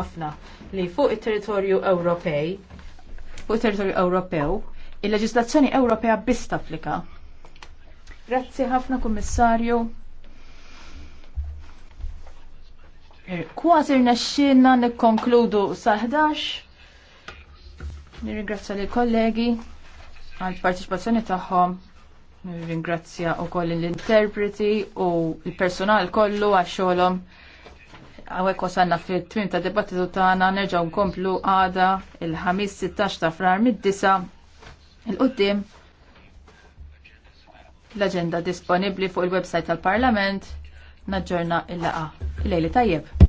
ħafna li fuq it-territorju Ewropej, fuq it-territorju Ewropew, il-leġislazzjoni Ewropea biss tapplika. Grazzi ħafna kummissarju. Kważi rnexxinna nikkonkludu sa 11. Nirringrazzja lill kollegi għall parteċipazzjoni tagħhom. Nirringrazzja wkoll l-interpreti u l-personal kollu għax xogħolhom għawek wasanna fit twin ta' dibattitu tagħna nerġgħu nkomplu għada il-ħamis 16 ta' frar mid-disa il-qudiem l-aġenda disponibbli fuq il-website tal-Parlament naġġorna il-laqa. Il-lejli tajjeb.